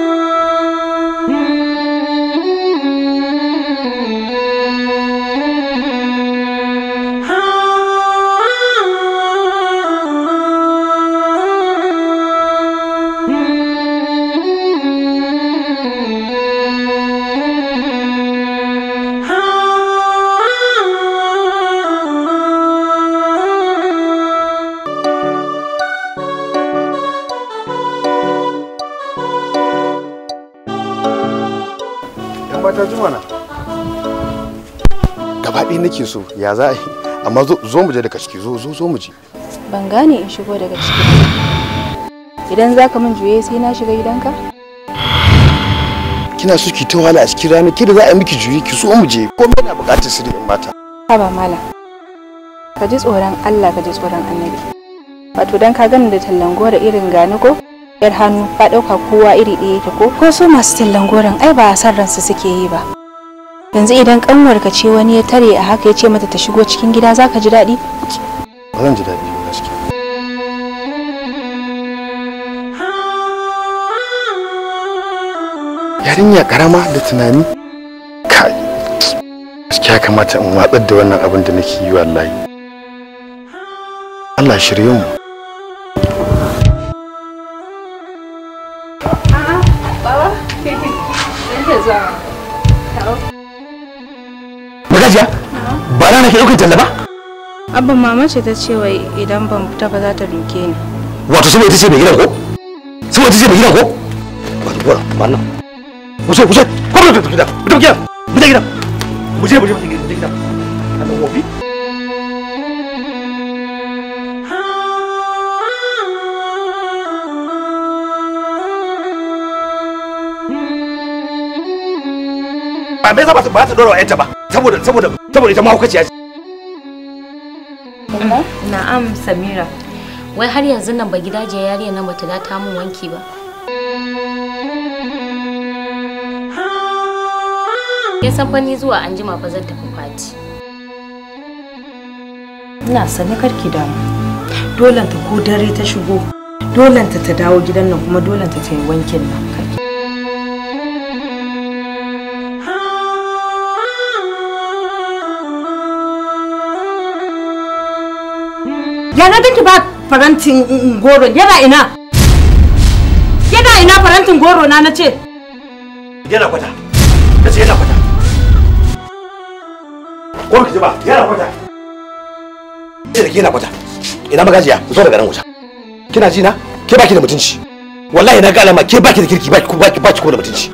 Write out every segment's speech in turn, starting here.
Thank you. nake so ya za a yi amma zo mu je daga ciki zo zo mu je ban gane in shigo daga ciki idan zaka min juye sai na shiga gidanka kina so ki ta wahala a cikin rana ki da za a yi miki juye ki so mu je komai na buƙatar sirri in mata ba malam ka ji tsoron Allah ka ji tsoron annabi wato dan ka gani da tallan gora irin gani ko yar hannu ka ɗauka kowa iri ɗaya ta ko ko su masu tallan goron ai ba a san ransu suke yi ba yanzu idan ka ce wani ya tare a haka ya ce mata ta shigo cikin gida zaka ji daɗi ba zan ji daɗi ba gaskiya yarinya karama da tunani kai gaskiya kamata in watsar da wannan abin da nake yi wallahi Allah shirye mu hajiya ba na nake ɗaukar talla ba abban mama ce ta ce wai idan ban fita ba za ta duke ni wato sai ita ce mai gidan ko sai ita ce mai gidan ko wato bora bana kusa kusa ko ba ta gida ku ta gida ku ta gida mu ta e mu je mu je gida Allah wofi ba me yasa ba ta dora wa yanta ba saboda saboda saboda ita mahaukaciya ce na'am samira wai har yanzu nan ba gidaje yariya nan bata da ta mun wanki ba ya san fanni zuwa an jima fa zan tafi fati ina sani karki damu dolen ta ko dare ta shigo dolen ta dawo gidan nan kuma dolanta ta ta yi wankin nan yana na ba farantin goro yana ina? Yana ina farantin goro na nace Yana kwata. Ta ce yana kwata. Goro ki ji ba, yana kwata. Ina ki yana kwata. Ina magajiya, ku zo daga nan wuta. Kina ji na? Ke baki da mutunci. Wallahi na ga alama ke baki da kirki baki baki baki ko da mutunci.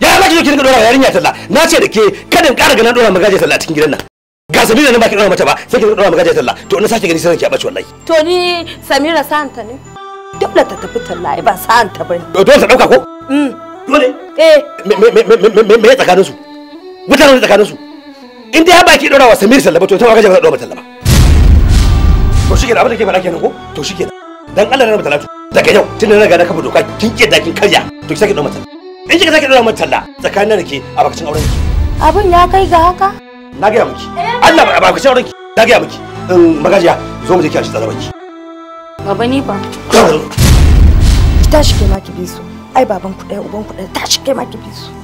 Ya baki da kirki dora yarinya talla. Na ce da ke kada in kara ganin dora magajiya talla cikin gidan nan. ba Samira nan baki dora mata ba sai ki dora magajiya talla to ina sace gani sai ki abaci wallahi to ni Samira santa ne dole ta tafi talla ba santa bane to dole ta dauka ko mm dole eh me me me me tsakanin su mutanen tsakanin su in dai baki dora wa Samira sallaba to ta magajiya ba dora mata ba to shi kenan abin da ke faɗa kenan ko to shi kenan dan Allah na talatu daga yau tun na riga na kafa doka kin ke dakin karya to ki sake dora mata in kika sake dora mata talla tsakanin da ke a bakacin auren ki abin ya kai ga haka na gaya miki Allah ba ku shaurin ki na gaya miki in magajiya zo mu je kiyashi tsara baki baba ni fa ki tashi kai ma ki bi su ai baban ku ɗaya uban ku ɗaya tashi kai ma ki bi su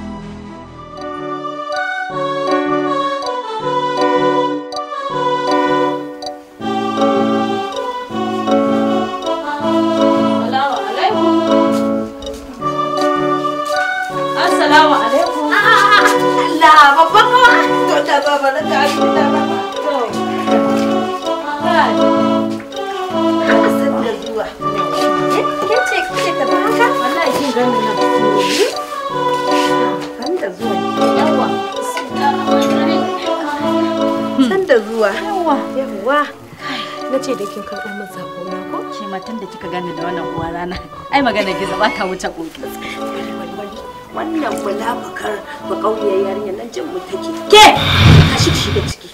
magana gizo ba ka wuce koki wannan ba kauye yarinya nan jin mu take ke ka shi da ciki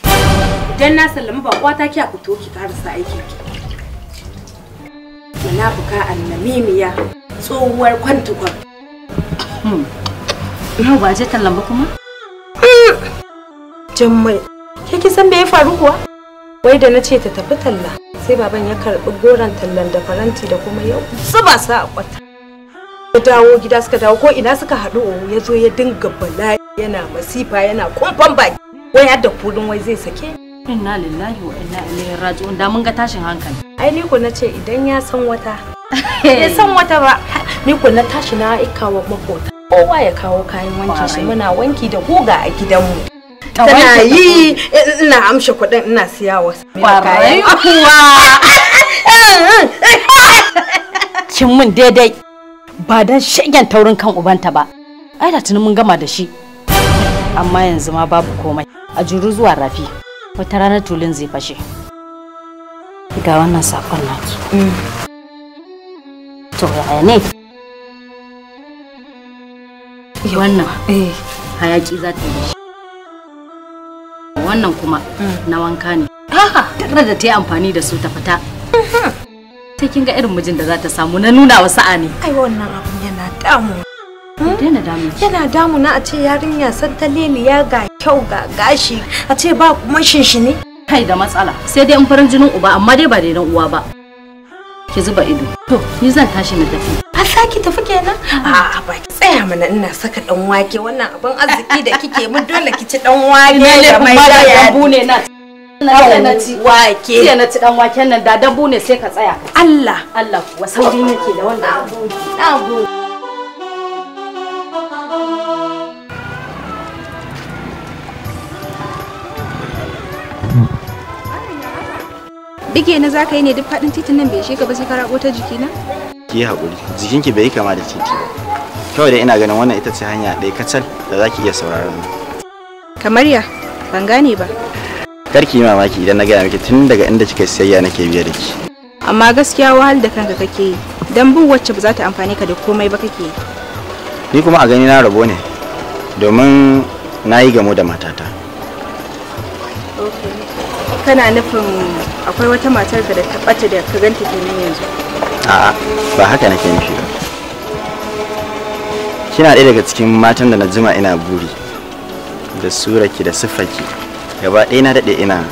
dan na ba bakwa ta ki a fito ki karasa aikin ki munafuka annamimiya tsohuwar hmm Yau ba je tallamba ba kuma? Jammai. ke ki san me ya faru kuwa? Wai da na ce ta tafi talla, sai baban ya karɓi goron tallan da faranti da kuma yau zuba sa a kwata ya dawo gida suka dawo ko ina suka haɗu oh, ya zo ya dinga bala yana masifa yana kumfan baki wai har da kudin wai zai sake inna lillahi wa inna ilaihi raji'un da mun ga tashin hankali ai ni ko nace idan ya san wata ya san wata ba ni ko na tashi na aika wa makota kowa ya kawo kayan wanki shi muna wanki da guga a gidanmu tana yi eh, ina amshe kuɗin ina siya wasu kuwa kin mun daidai ba dan shagen taurin kan ubanta ba ai da tuni mun gama da shi amma yanzu ma babu komai a juru zuwa rafi wata ranar tulin zai fashe ga wannan sakon naki mm. to yaya ne wannan eh. hayaki za ta yi wannan kuma mm. na wanka ne takardar da ta yi amfani da su ta fita mm-hmm. sai kin ga irin mijin da za ta samu na nuna wa sa'a ne ai wannan abun yana damu Yana hmm? damu yana damu na a ce yarinya san ta leliya ga kyau ga gashi a ce ba kuma shinshini kai da matsala sai dai in farin jinin uba amma dai ba daidan uwa ba ki zuba ido to ni zan tashi na tafi saki tafi kenan a'a ba ki tsaya mana ina saka dan wake wannan abin arziki da kike mu dole ki ci dan wake da mai da dambu ne na na ci wake sai na ci dan waken nan da dambu ne sai ka tsaya Allah Allah kuwa sauri nake da wannan abu Bige na za ka yi ne duk faɗin titin nan bai shi ka ba sai ka rago ta na. ki yi haƙuri jikinki bai kama da titi ba kawai da ina ganin wannan ita ce hanya ɗaya kacal da za ki iya sauraron kamar ya ban gane ba kar ki yi mamaki idan na gaya miki tun daga inda kika siyayya nake biye da ki amma gaskiya wahal da kanka kake yi dan bu wacce ba za ta amfane ka da komai ba kake yi ni kuma a gani na rabo ne domin na yi gamo da matata kana nufin akwai wata matar da ta ɓata da ka ganta kenan yanzu a'a ba haka nake nufi ba kina ɗaya daga cikin matan da na jima ina buri da suraki da ki gaba ɗaya na daɗe ina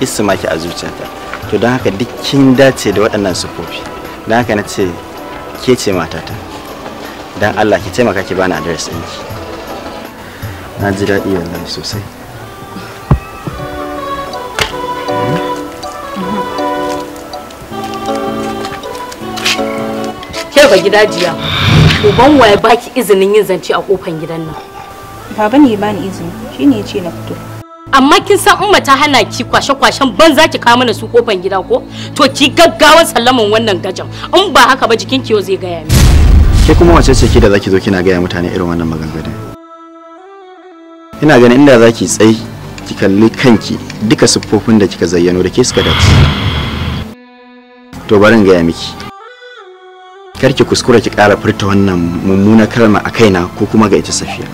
isma ki a zuciyata to don haka duk kin dace da waɗannan sufofi don haka na ce ke ce matata don allah ki taimaka ki bani adres ɗinki na ji daɗi wallahi sosai ba ya Uban waya baki izinin yin zance a kofan gidan nan. Baba ne ni izini, shine ya ce na fito. Amma kin san umma ta hana ki kwashe-kwashen banza ki kawo mana su kofan gida ko? To ki gaggawa sallaman wannan gajan. In ba haka ba jikin ki zai gaya mi. Ke kuma wace ce ki da zaki zo kina gaya mutane irin wannan maganganun? Ina ganin inda zaki tsayi ki kalli kanki duka siffofin da kika zayyano da ke suka dace. To barin gaya miki. kar ki kuskura ki kara furta wannan mummuna kalma a kaina ko kuma ga ita safiya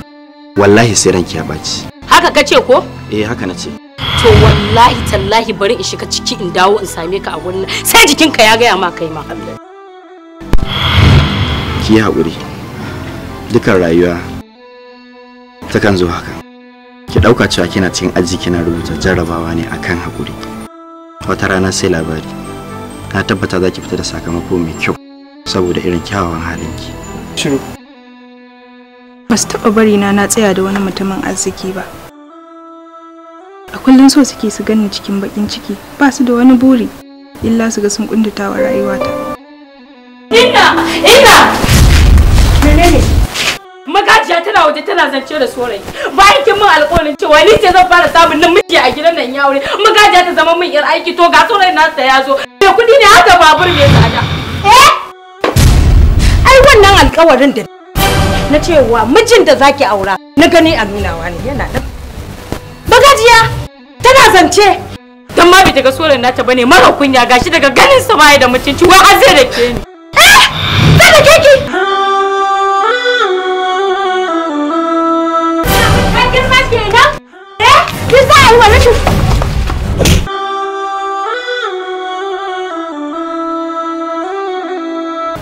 wallahi sai ranki ya baci haka ka ce ko eh haka na ce to wallahi tallahi bari in shiga ciki in dawo in same ka a wannan, sai jikinka ya gaya ma kai ma ki haƙuri dukan rayuwa takan zo haka ki ɗauka cewa kina cikin aji kina rubuta jarrabawa ne akan hakuri. wata rana sai labari na tabbata za ki fita da sakamako mai kyau saboda irin kyawawan halinki shiru ba su taɓa bari na na tsaya da wani mutumin arziki ba a kullum so suke su gani cikin bakin ciki ba su da wani buri illa su ga sun kundata wa rayuwata Inna! Inna! menene magajiya tana waje tana zance da sorai bayan kin min alƙawarin cewa ni ce zan fara samun namiji a gidan nan ya aure magajiya ta zama min yar aiki to ga sorai na ta yazo. me kuɗi ne haka babur mai tsada eh wannan alkawarin da na cewa mijin da zaki aura na gani a nunawa ne yana da bagajiya tana zance dan ma bai daga soran nata bane mara kunya gashi daga ganin sa ma da mutunci wai har zai rake ni eh, eh,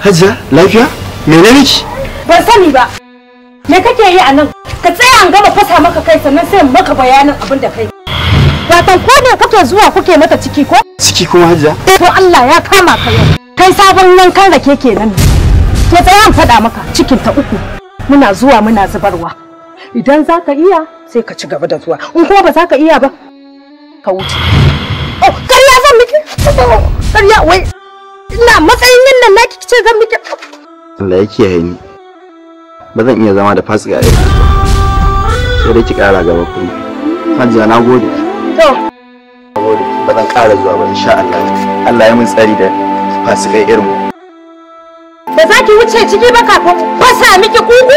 Hajiya, lafiya? menene shi ban sani ba me kake yi a nan ka tsaya an gama fasa maka kai sannan sai maka bayanin abin da kai watan ko ne kake zuwa kuke mata ciki ko ciki kuma hajja eh to Allah ya kama ka yau kai sabon yankan rake kenan to tsaya an faɗa maka cikin ta uku muna zuwa muna zubarwa idan za ka iya sai ka ci gaba da zuwa in kuma ba za ka iya ba ka wuce oh kariya zan miki kariya oh, wai ina matsayin nan naki kice zan miki Allah ya haini ni ba zan iya zama da fasika a yanzu ba sai dai ki kara gaba kuma hajiya na gode to gode ba zan kara zuwa ba insha Allah Allah ya mun tsari da fasikai irin ba za ki wuce ciki ba kafin sa miki kuku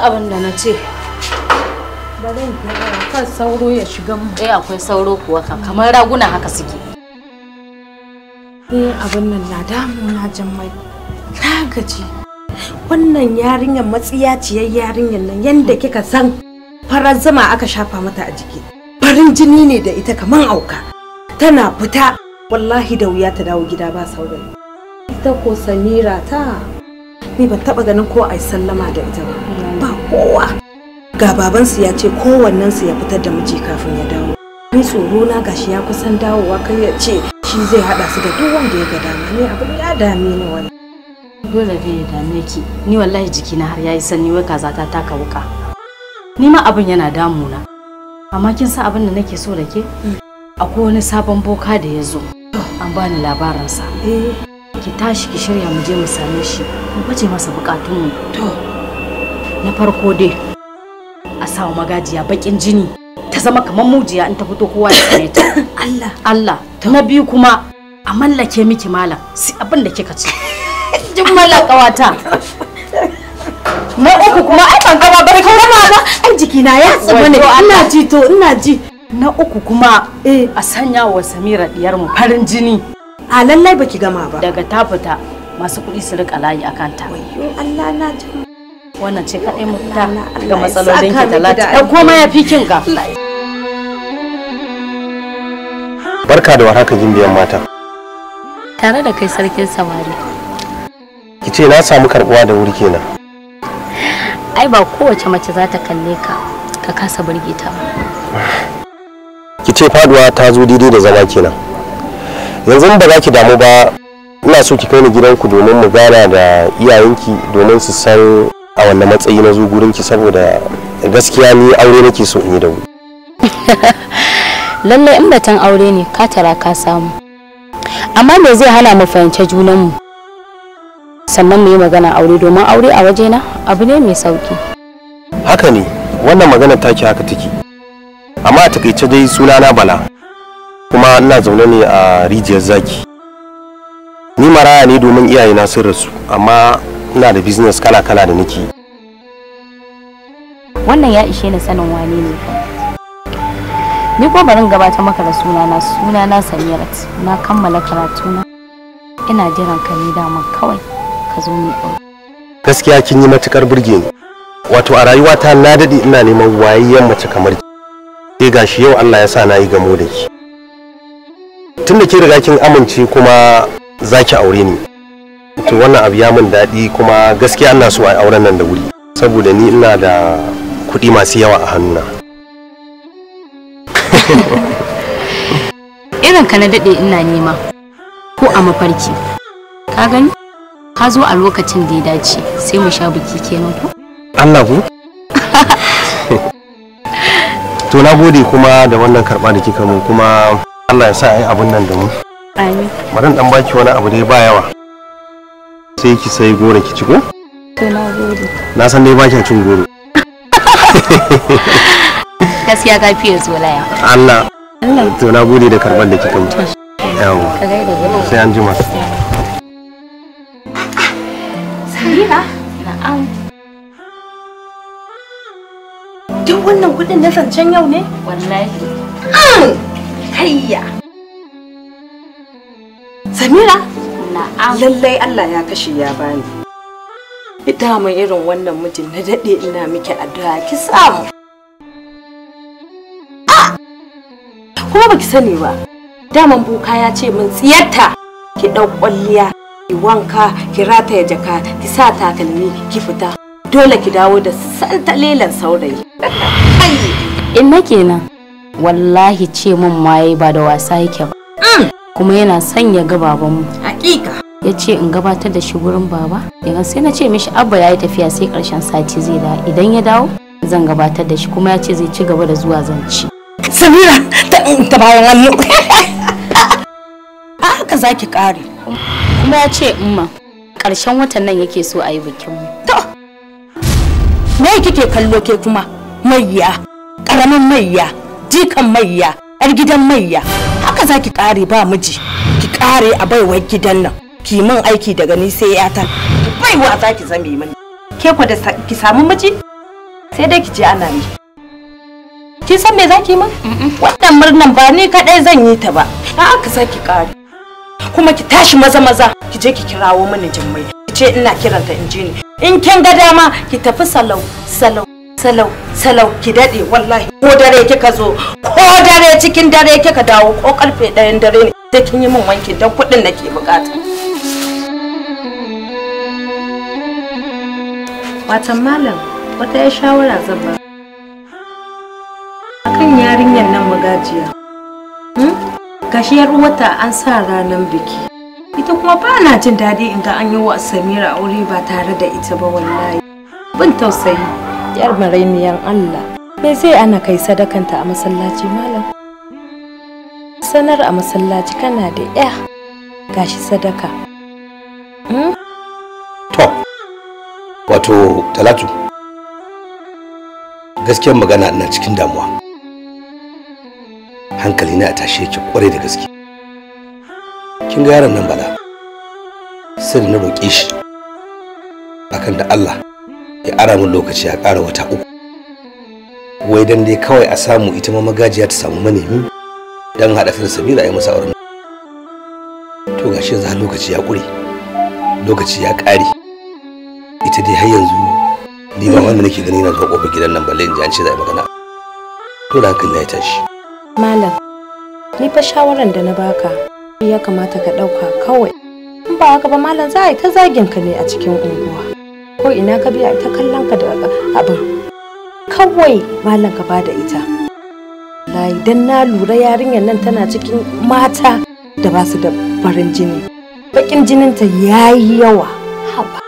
abin da na ce ba zan kira kan sauro ya shiga mu eh akwai sauro kuwa kan kamar raguna haka suke eh abin nan na damuna na jammai na gaji wannan yarinyar matsiyaciyar yarinyar nan yanda kika san farar zama aka shafa mata a jiki farin jini ne da ita kaman auka tana fita wallahi da wuya ta dawo gida ba saurayi ita ko samira ta ni ban taba ganin ko ai sallama da ita ba kowa ga babansu ya ce kowannensu ya fitar da miji kafin ya dawo ni tsoro na gashi ya kusan dawowa kai ya ce shi zai haɗa su da duk wanda ya ga dama ne abin ya dame ni wani dole dai ya dame ki ni wallahi jikina har yayi sanni wai kaza ta taka wuka ni ma abin yana damu na. amma kin sa abin da nake so da ke mm. akwai wani sabon boka da ya zo an bani labarin eh ki tashi ki shirya mu je mu same shi mu bace masa bukatun mu na farko dai a sawa magajiya bakin jini ta zama kamar mujiya in ta fito kowa ya same ta Allah Allah na biyu kuma a mallake miki malam si abin da kika ci jin mallan kawata na uku kuma ai ban gaba bari ka rama ba ai jikina ya tsubu ne ina ji to ina ji na uku kuma eh a sanya wa Samira diyar mu farin jini a lallai baki gama ba daga ta fita masu kuɗi su rika layi a kanta. Wayo Allah na ji wannan ce kaɗai mafita ga matsalolin ki talata ɗan koma ya fi kin ka barka da warhaka gimbiyan mata tare da kai sarkin samari ki ce na samu karbuwa da wuri kenan ai ba kowace mace za ta kalle ka ka kasa burge ta ki ce faduwa ta zo daidai da zama kenan yanzu ba za ki damu ba ina so ki kai ni gidanku domin mu gana da iyayenki domin su san a wannan matsayi na zo ki saboda gaskiya ni aure nake so in yi da wuri lalle in batan aure ne ka tara ka samu amma me zai hana mu fahimci junanmu sannan mu yi magana aure domin aure a wajena abu ne mai sauki haka ne wannan magana ki haka take amma a takaice dai sunana bala kuma ina zaune ne a rijiyar zaki ni maraya ne domin iyayena sun rasu amma ina da business kala-kala da niki. wannan ya ishe ni sanin wane ne ni ko barin gabata maka da sunana sunana samirat na kammala karatuna ina jiran ka ne dama kawai ka zo mu ɗau gaskiya kin yi matukar burge ni wato a rayuwata na daɗe ina neman wayayyen mace kamar ki sai eh, gashi yau Allah ya sa na yi gamo da ki tun da ki riga kin amince kuma za ki aure ni to wannan abu ya min daɗi kuma gaskiya ina so a yi auren nan da wuri saboda ni ina da kuɗi masu yawa a hannuna irin ka na daɗe ina nema ko a mafarki ka gani ka zo a lokacin da ya dace sai mu sha biki kenan ko Allah ku to na gode kuma da wannan karɓa da kika mun kuma Allah ya sa a yi abin nan da mu amin bari dan baki wani abu dai ba yawa sai ki sai goro ki ci ko? To na gode. Na san dai ba cin goro. Gaskiya ka fiye zolaya. Allah. Allah. To na gode da karban da kika mutu. Yawo. Ka gaida goro. Sai an jima. Samira? Na'am. Duk wannan kudin na zancen yau ne? Wallahi. Hayya. Samira? lallai Allah ya kashe ya bani ita mai irin wannan mijin na daɗe ina miki addu'a ki samu ah! kuma baki sani ba daman boka ya ce min tsiyarta ki ɗau kwalliya ki wanka ki rataya jaka ki sa takalmi ki fita dole ki dawo da santalelan saurayi in nake nan. wallahi ce min maye ba da wasa yake ba mm. kuma yana sanya gababanmu hakika ya ce in gabatar da shi gurin baba daga sai na ce mishi abba ya yi tafiya sai karshen sati zai da idan ya dawo zan gabatar da shi kuma ya ce zai ci gaba da zuwa zanci samira ta ta bayan hannu a haka zaki kare kuma ya ce umma karshen watan nan yake so a yi bikin mu to me kike kallo ke kuma mayya karamin mayya jikan mayya yar gidan mayya haka zaki kare ba miji kare a baiwar gidan nan ki min aiki daga ni sai yata baiwa za ki zame mini ke ku da ki samu miji sai dai ki je ana yi. ki san me za ki min wannan murnan ba ni kadai zan yi ta ba a'a ka saki ki kuma ki tashi maza maza ki je ki kirawo mini jimmai ki ce ina kiranta in ni in kin ga dama ki tafi salau salau salau salau ki dade wallahi ko dare kika zo ko dare cikin dare kika dawo ko karfe ɗayan dare ne sai kin yi min wanki don kuɗin da ke bukata. Watan malam wata ya shawara zan ba. kan yarinyar nan magajiya. Hmm? Gashi yar wata an sa ranar biki. Ita kuma ba na jin daɗi in ga an yi wa Samira aure ba tare da ita ba wallahi. Bin tausayi, yar marainiyan Allah. Me zai ana kai sadakanta a masallaci malam? sanar a masallaci kana da ya gashi sadaka hmm? to wato talatu gaskiyar magana ina cikin damuwa hankali na a tashe yake kwarai da gaske kin ga yaron nan bala sai na roƙe shi akan da Allah ya ara min lokaci ya ƙara wata uku wai dan dai kawai a samu ita ma magajiya ta samu manemi dan haɗa ta Samira ya musa auren to gashi yanzu lokaci ya ƙure lokaci ya ƙare ita dai har yanzu ni ma wanda nake gani na zuwa ƙofar gidan nan balle in ji an ce za a yi magana to da hankali ya tashi malam ni fa shawaran da na baka ya kamata ka ɗauka kawai in ba haka ba malam za a yi ta zagin ka ne a cikin unguwa ko ina ka biya ta kallon ka da abin kawai malam ka bada ita wallahi dan na lura yarinyar nan tana cikin mata da ba su da farin jini bakin jininta ya yi yawa haba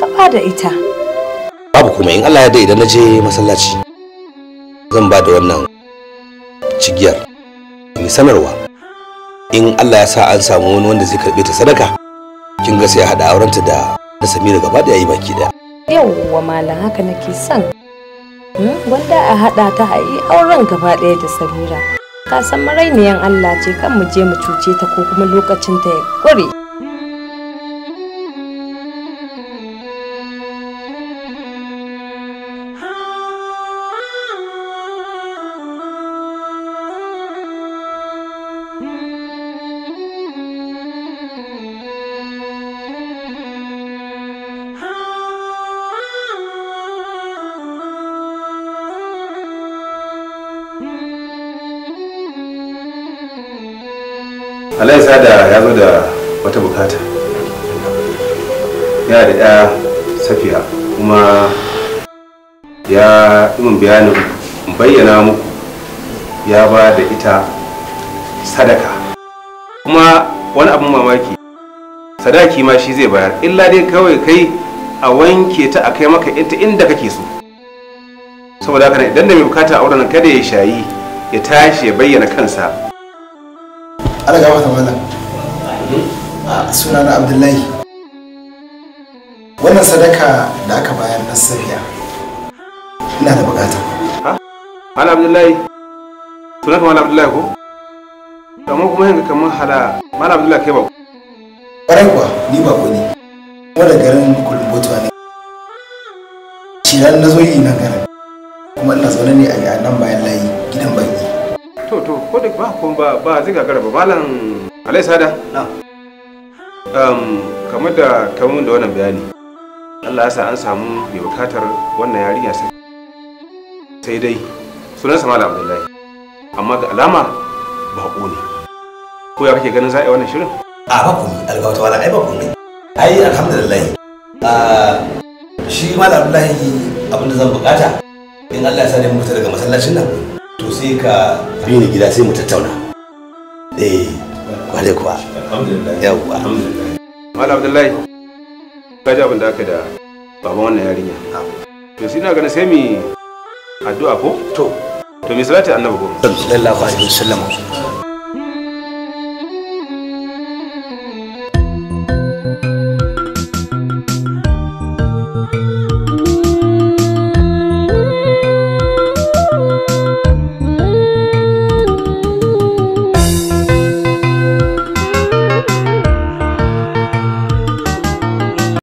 taɓa da ita babu kuma in allah ya da idan na je masallaci zan ba da wannan cigiyar mai sanarwa in allah ya sa an samu wani wanda zai karɓi ta sadaka kin ga sai ya haɗa aurenta da na samira gaba da yayi baki daya yawwa malam haka nake son Hmm? Wanda a haɗa ta a yi auren gaba ɗaya da Samira. Ka san marainiyan Allah ce kan mu je mu cuce ta ko kuma lokacin ta ya ƙware. sada ya zo da wata bukata ya da ya safiya kuma ya min bayanin bayyana muku ya ba da ita sadaka kuma wani abin mamaki sadaki ma shi zai bayar illa dai kawai kai a wanke ta a kai maka ita inda kake so saboda haka idan da mai bukata a wurin kada ya shayi ya tashi ya bayyana kansa ala ga mata mala suna abdullahi wannan sadaka da aka bayar na safiya ina da bukata ala abdullahi suna kamar abdullahi ko amma kuma yanka kamar hala mala abdullahi kai ba ƙwarai kuwa ni ba ne kuma da garin kulumbotuwa ne shi na zo yi na garin kuma ina zaune ne a nan bayan layi gidan baki to to ko da ba ko ba ba zai gagara ba malam alai sada um kamar da kamun da wannan bayani Allah ya sa an samu mai bukatar wannan yarinya sai sai dai sunan sa malam abdullahi amma ga alama ba ko ne ko ya kake ganin za a yi wannan shirin a bako ne albata wala ai ba bako ne ai alhamdulillah shi malam abdullahi abin da zan bukata in Allah ya sa ne mu fita daga masallacin nan to ka bi ni gida sai mu tattauna eh kwale kuwa alhamdulillah yawwa alhamdulillah malam abdullahi ka ji abin da aka da baban wannan yarinya to sai ina ganin sai mu addu'a ko to to mi salati annabi ko sallallahu alaihi wasallam